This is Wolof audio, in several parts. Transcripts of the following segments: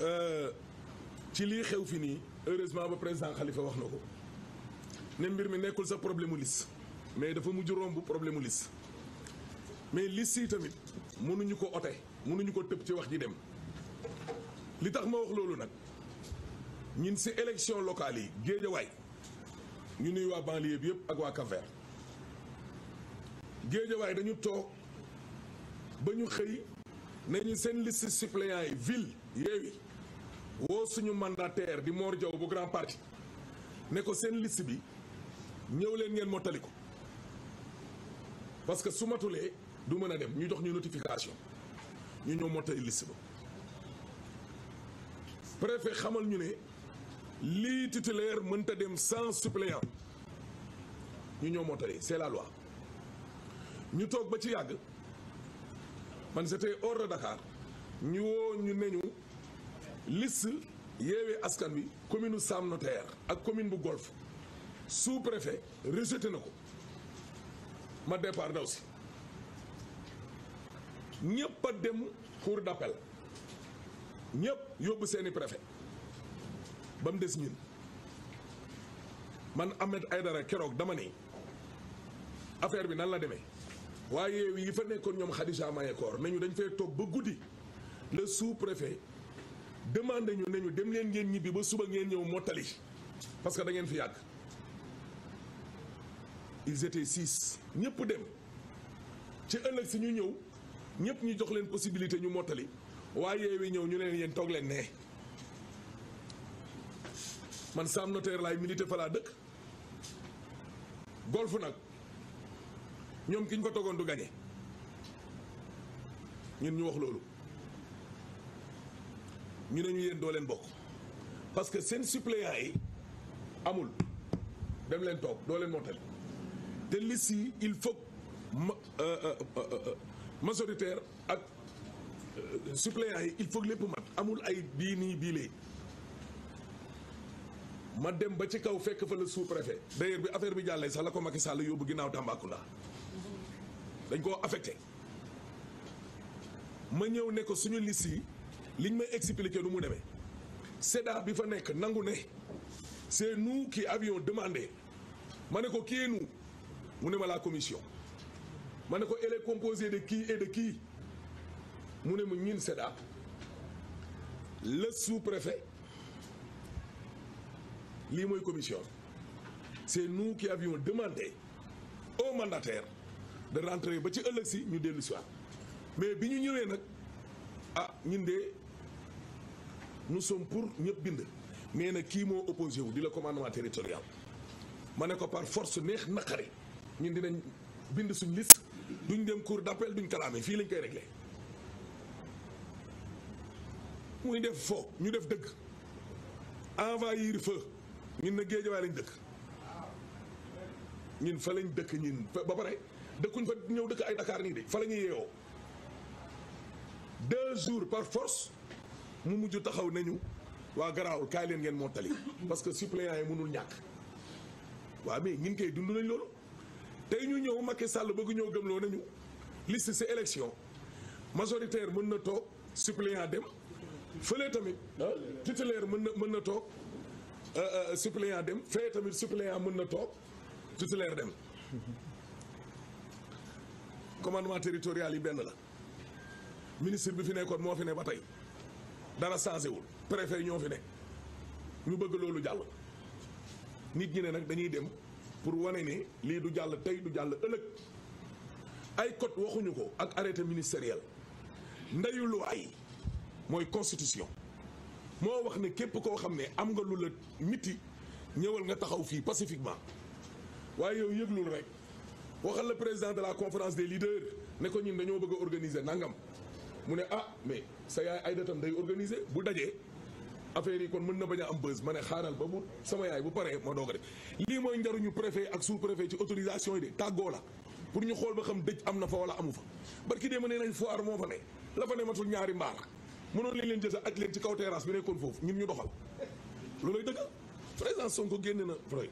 Euh, ci lii xew fi nii heureusement ba président Khalifa wax na ko ne mbir mi nekkul sa problème mu mais dafa mujj romb problème mu mais liste yi tamit mënuñu ko ote mënuñu ko tëb ci wax ji dem li tax ma wax loolu nag ñun si élection locale yi Géejawaay ñu nuy waa banlieue bi yëpp ak waa Cap-Vert Géejawaay dañu toog ba ñu xëy nañu seen liste suppléant yi ville yeewi woo suñu mandataire di moor Diaw bu grand parti ne ko seen liste bi ñëw leen ngeen mottali ko parce que su matulee du mën a dem ñu jox ñu notification ñu ñëw mottali liste ba préfet ñu ne lii titulaire mënta dem sans suppléant ñu ñëw mottali c'est la loi ñu toog ba ci yàgg man c'était hors de Dakar ñu woo ñu ñu liste yeewee askan wi commune Sam Notaire ak commune bu Golf sous préfet rejeté na ko ma départ daw si ñëpp a dem cour d'appel ñëpp yóbbu seeni préfet ba mu des ñun man Ahmed Aidara keroog dama ne affaire bi nan la demee waaye yi fa nekkoon ñoom Khadija Mahécor nañu dañ fee toog ba guddi le sous préfet demandé ñu ne ñu dem leen ngeen ñibbi ba suba ngeen ñëw mottali parce que da fi yàgg ils étaient six ñëpp dem ci ëllëg si ñu ñëw ñëpp ñu jox leen possibilité ñu mottali waaye yeewi ñëw ñu leen yéen toog leen ne man Sam Notaire laay milité fa laa dëkk golf nag ñoom ki ñu fa toogoon du gañe ñun ñu wax loolu ñu ne ñu yéen doo leen bokk parce que seen suppléant yi amul dem leen toog doo leen mottali te liste yi il faut euh, euh, euh, majoritaire ak suppléant yi il faut lépp mat amul ay bii nii bii lee ma dem ba ci kaw fekk fa le sous-préfet d'ailleurs bi affaire bi jàllee sax la ko Macky Sall yóbbu ginnaaw Tambacounda dañ koo affecté ma ñëw ne ko suñu liste liñ may expliquer nu mu demee SEDA bi fa nekk nangu ne c'est nous qui avions demandé ma ne ko qui est nous mu ne ma la commission ma ne ko elle est composée de qui et de qui mu ne ma ñun SEDA le préfet lii mooy commission c'est nous qui avions demandé au mandataire de rentrer ba ci ëllëg si ñu dellu si waat mais bi ñu ñëwee nag ah ñun de nous sommes pour ñëpp bind mais nag kii moo opposé wu di la commandement territorial ma ne ko par force neex naqari ñun dinañ bind suñ liste duñ dem cour d'appel duñ kalaame fii lañ koy réglé muy def fo ñu def dëgg envahir feu ñun na géejawaay lañ dëkk ñun fa lañ dëkk ñun ba pare dëkkuñ fa ñëw dëkk ay Dakar nii de fa la ñuy yeewoo deux jours par force mu mujj taxaw nañu waa garaawul kaay leen ngeen mottali parce que suppléant yi mënul ñàkk waa mais ñun koy dund nañ loolu tey ñu ñëw Macky Sall bëgg ñoo gëmloo nañu liste si élection majoritaire mën na toog suppléant dem fële tamit titulaire mën na mën na toog euh, euh, suppléant dem fee tamit suppléant mën na toog titulaire dem commandement territorial yi benn la ministre bi fi nekkoon moo fi ne ba tey dara changé wul préfet ñoo fi ne ñu bëgg loolu jàll nit ñi ne nag dañuy dem pour wane ne lii du jàll tey du jàll ëllëg ay code waxuñu ko ak arrêté ministériel ndeyu loi yi mooy constitution moo wax ne képp koo xam ne am nga lu la miti ñëwal nga taxaw fii pacifiquement waaye yow yëglul rek waxal la président de la conférence des leaders ne ko ñun dañoo bëgg a organiser nangam mu ne ah mais sa yaay ay datam day organiser bu dajee affaire yi kon mën na bañ a am bës ma ne xaaral ba bu sama yaay bu paree ma doog a def lii mooy njariñu préfet ak sous préfet ci autorisation yi de tàggoo la pour ñu xool ba xam dëj am na fa wala amu fa barki dee ma nee nañ foire moo fa ne la fa ne matul ñaari mbaar mënoon lañ leen jël sa aj leen ci kaw terrasse bi nekkoon foofu ñun ñu doxal loolay dëgg président Sonko génne na vrai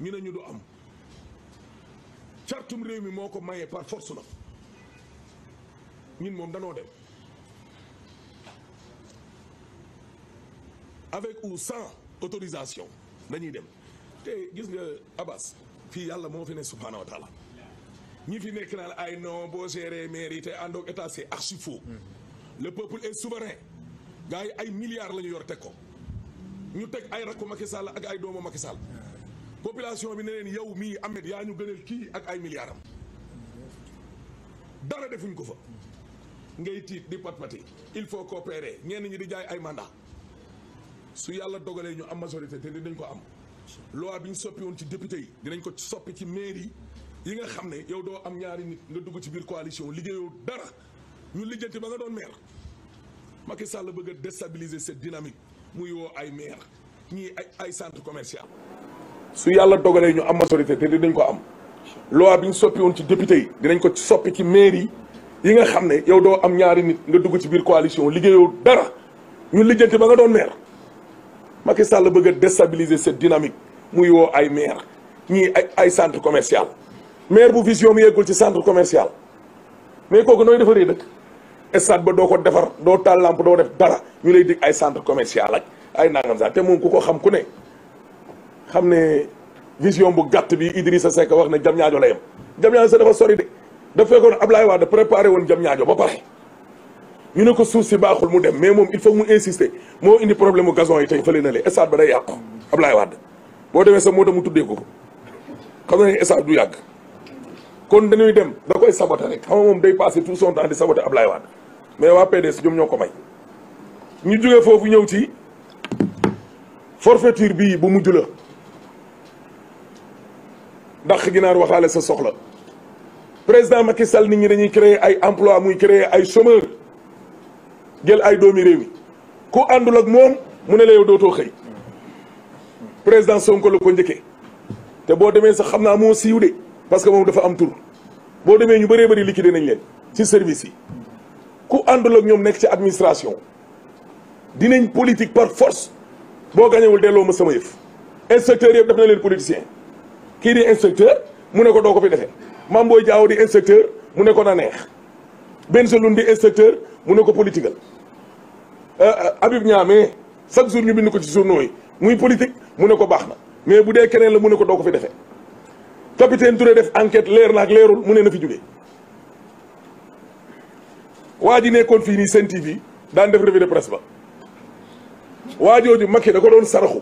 ñu ne ñu du am cartum réew mi moo ko mayee par force na ñun moom danoo dem avec ou sans autorisation dañuy dem te gis nga Abbas fii yàlla moo fi ne subhaanahu wa ñi fi nekk la ay non boo géré mairie te àndoog état c'est archi faux le peuple est souverain gars yi ay milliards la ñu yor teg ko ñu teg ay rakku Macky ak ay doomu Macky Sall population bi ne leen yow mii Ahmed yaa ñu gënal kii ak ay milliaram dara defuñ ko fa ngay tiit di pat pati il faut coopérer ñenn ñi di jaay ay mandat su yàlla dogalee ñu am majorité te dinañ ko am loi bi ñu soppi woon ci député yi dinañ ko soppi ci mairie yi nga xam ne yow doo am ñaari nit nga dugg ci biir coalition liggéeyoo dara ñu lijjanti ba nga doon maire Macky Sall bëgg a déstabiliser cette dynamique ay maire ñii ay ay centre commercial su yàlla dogalee ñu am majorité te dinañ ko am loi bi ñu soppi woon ci député yi dinañ ko soppi ci mairie yi nga xam ne yow doo am ñaari nit nga dugg ci biir coalition liggéeyoo dara ñu lijjanti ba nga doon maire Macky Sall bëgg a déstabiliser cette dynamique muy woo ay maire ñii ay ay centre commercial maire bu vision mu yeggul ci centre commercial mais kooku nooy defaree dëkk stade ba doo ko defar doo taal lampe doo def dara ñu lay dig ay centre commercial ak ay nangam sax te moom ku ko xam ku ne xam ne vision bu gàtt bi Idrissa Seck wax ne jam ñaajo la yem jam ñaajo sax dafa sori de daf fekkoon Ablaye Wade préparé woon jam ñaajo ba pare ñu ne ko suuf si baaxul mu dem mais moom il faut mu insister moo indi problème mu gazon yi tey fële na le stade ba day yàqu Ablaye Wade boo demee sa moo tax mu tuddee ko xam na ne stade du yàgg kon dañuy dem da koy sabote rek xam nga moom day passé tout son temps di sabote Ablaye Wade mais waa PDS ñoom ñoo ko may ñu jógee foofu ñëw ci forfaiture bii bu mujj la ndax ginaar waxaale sa soxla président Macky Sall nit ñi dañuy créer ay emploi muy créer ay chômeur jël ay doomi réew yi ku àndul ak moom mu ne la dootoo xëy président Sonko la ko njëkkee te boo demee sax xam naa moo siiw de parce que moom dafa am tur boo demee ñu bëree bëri liquidé nañ leen ci service yi ku àndul ak ñoom nekk ci administration dinañ politique par force boo gañewul delloo ma sama yëf inspecteur yëpp def na leen politicien kii di inspecteur mu ne ko doo ko fi defee Mame Boye Diao di inspecteur mu ne ko na neex Bengelloune di mu ne ko politigal Euh, Habib Niamé chaque jour ñu bind ko ci journaux muy politique mu ne ko baax na mais bu dee keneen la mu ne ko doo ko fi defee capitaine Touré def enquête leer na ak leerul mu ne na fi jógee waa ji nekkoon fii nii Sen TV daan def revue de presse ba waa jooju da ko doon saraxu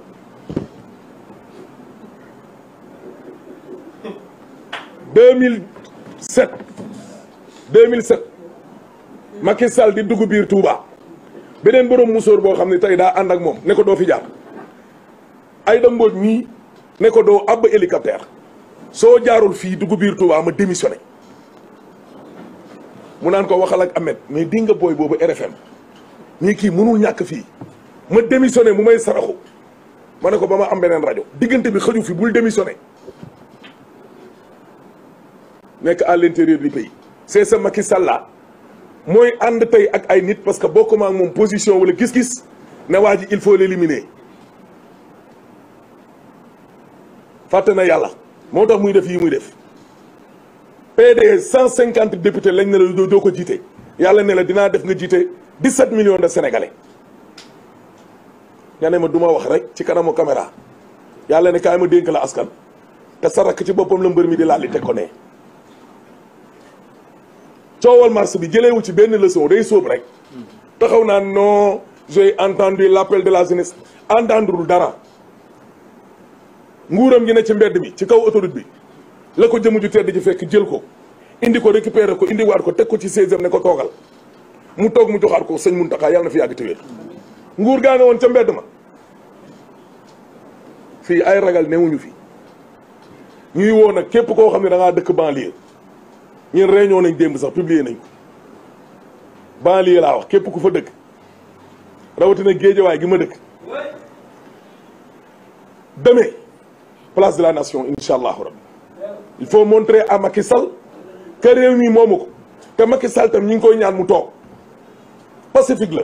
deux mille sept deux mille sept Macky Sall di dugg biir Touba beneen borom musóor boo xam ne tey daa ànd ak moom ne ko doo fi jaar ay dambóoj mii ne ko doo àbb hélicoptère soo jaarul fii dugg biir Touba ma démissionné mu naan ko waxal ak Ahmed mais di nga booy boobu RFM nii kii mënul ñàkk fii ma démissionné mu may saraxu ma ko ba ma am beneen rajo diggante bi xëju fi bul démissionné nekk à l'intérieur du pays c'est ce Macky Sall mooy ànd tey ak ay nit parce que bokkuma ak moom position wala gis-gis ne waa ji il faut l'éliminer fàtte na yàlla moo tax muy def yii muy def PDS cent cinquante députés lañ ne la doo ko jiite yàlla ne la dinaa def nga jiite dix-sept million de sénégalais nga ne ma du ma wax rek ci kanamu caméra yàlla ne kaay ma dénk la askan te sa rakk ci boppam la mbër mi di laal li teg ko ne coowal mars bi jëleewu ci benn leçon day sóob rek taxaw naa non j'ai entendu l'appel de la jeunesse entendrul dara nguuram gi ne ci mbedd bi ci kaw autoroute bi la ko jëmu ju tedd ji fekk jël ko indi ko récupérer ko indi waat ko teg ko ci seizième ne ko toogal mu toog mu joxaat ko sëñ Muntaxa yàlla na fi yàgg nguur gaa woon ca mbedd ma fii ay ragal newuñu fi ñuy woo nag képp koo xam ne da dëkk banlieue ñun réunion nañ démb sax publier nañ ko banlieue laa wax képp ku fa dëgg rawatina géejawaay gi ma dëkk demain place de la nation incha allahu rabbi il faut montrer à Macky Sall que réew mi moomu ko te Macky Sall tam ñu ngi koy ñaan mu toog pacifique la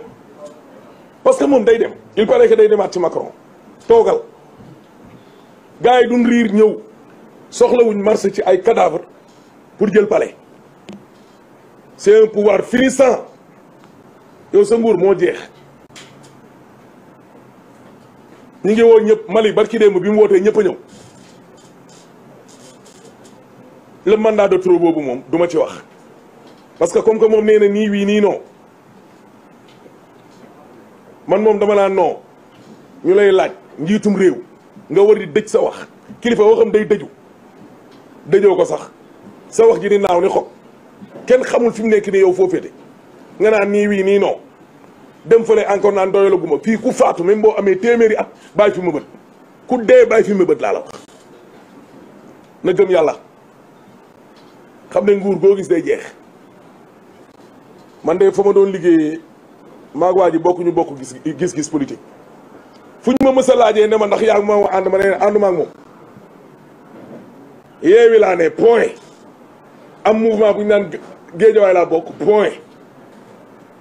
parce que moom day dem il paraît que day demaat ci Macron toogal gars yi duñ riir ñëw soxlawuñ marché ci ay cadavre pour jël palais c'est un pouvoir finissant yow sa nguur moo jeex ñi ngi woo ñëpp Mali barki démb bi mu wootee ñëpp a ñëw le mandat de trop boobu moom duma ci wax parce que comme que moom nee na nii wii nii non man moom dama naan non ñu lay laaj njiitum réew nga war di dëj sa wax kilifa waxam day dëju dëjoo ko sax sa wax ji di naaw ni xob kenn xamul fi mu nekk ni yow foo féete nga naan nii wii nii non dem fële encore naan doyalaguma fii ku faatu même boo amee téeméeri at bàyyi fi mëbët ku dee bàyyi fi mëbët laa la wax na yàlla xam ne nguur goo gis day jeex man de fa ma doon liggéeyee maag waa ji bokk ñu bokk gis gis-gis fu ñu ma mës a laajee ne ma ndax yaa ngi ma ànd ma ne ànduma ak moom yeewi laa point am mouvement bu ñu naan géejawaay laa bokk point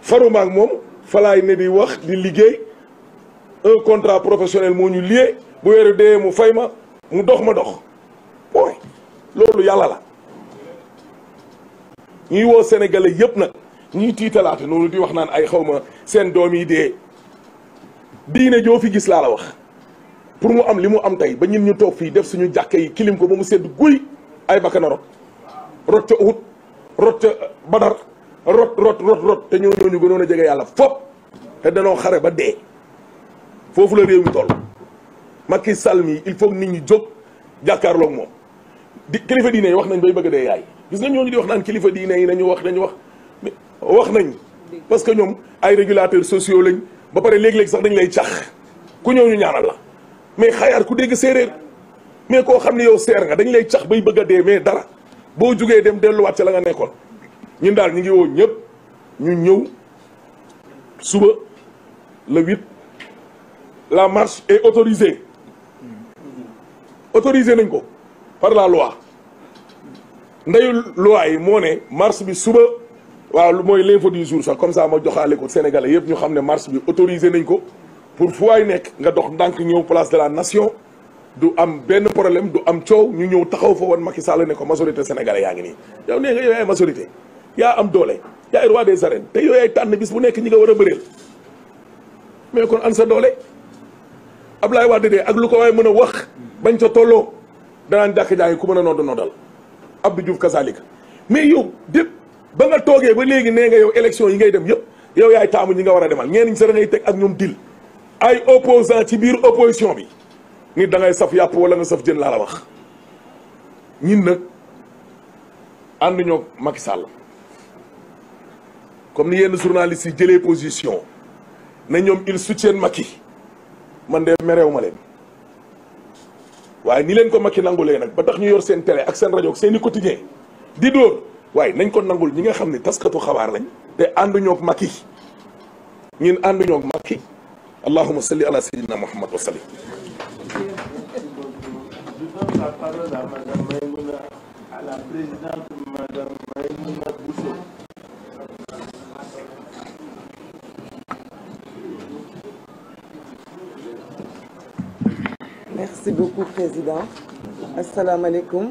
faruma moom falaay ne di wax di liggéey un contrat professionnel moo ñu lié bu weeru dee mu fay ma mu dox ma dox point loolu yàlla la ñuy woo sénégalais yëpp nag ñuy tiitalaate noonu di wax naan ay xaw ma seen doom yi dee diine joo fi gis laa la wax pour mu am li mu am tey ba ñun ñu toog fii def suñu jàkka yi kilim ko ba mu sedd guy ay bakkan a rot ca Uhud rot ca Badar rot rot rot rot te ñoo ñooñu gënoon jege yàlla fop te danoo xare ba dee foofu la réew mi toll Macky Sall mi il faut nit ñi jóg jàkkaarloog moom di kilifa diine yi wax nañ bay bëgg dee yaay gis nga ñooñu di wax naan kilifa diine yi nañu wax nañu wax wax nañ parce que ñoom ay régulateurs sociaux lañ ba pare léegi léeg sax dañ lay cax ku ñëw ñu ñaanal la mais xayaar ku dégg séeréer mais koo xam ne yow seer nga dañ lay cax bay bëgg a dee mais dara boo jógee dem delluwaat ca la nga nekkoon ñun daal ñu ngi woo ñëpp ñu ñëw suba le huit la marche et autorisée autorisé nañ ko par la loi ndeyu loi yi moo ne marche bi suba waaw mooy l'info du jour sax comme ça ma joxaale ko Sénégalais yëpp ñu xam ne marche bi autorisé nañ ko pour fu waay nekk nga dox ndànk ñëw place de la nation du am benn problème du am coow ñu ñëw taxaw fa woon Macky Sall ne ko majorité sénégale yaa ngi nii yow nee nga yow yaay majorité yaa am doole yaay roi des arènes te yow yaay tànn bis bu nekk ñi nga war a bëreel mais kon an sa doole Ablaye Wade dee ak lu ko waaye mën a wax bañ ca tolloo danaan jàkk jaa ngi ku mën a nodd noddal Abdou Diouf kasaalika mais yow dépp ba nga toogee ba léegi nee nga yow élection yi ngay dem yëpp yow yaay taamu ñi nga war a demal ñenn ñi sax da ak ñoom dil ay opposant ci biir opposition bi ni da ngay saf yàpp wala nga saf jën laa la wax ñin nag ànduñook ñoo sàll Sall comme ni yenn journalistes yi jëlee position na ñoom ils soutiennent Macky man de mereew ma leen waaye ni leen ko Macky nangulee nag ba tax ñu yor seen télé ak seen rajo seen i quotidien di dóor waaye nañ ko nangul ñi nga xam ne taskatu xabaar lañ te ànduñoo ak Macky ñin ànduñoo ak Macky allahumma salli ala sayyidina muhammad wa Mamouna Merci beaucoup, Président. Asalaamaaleykum.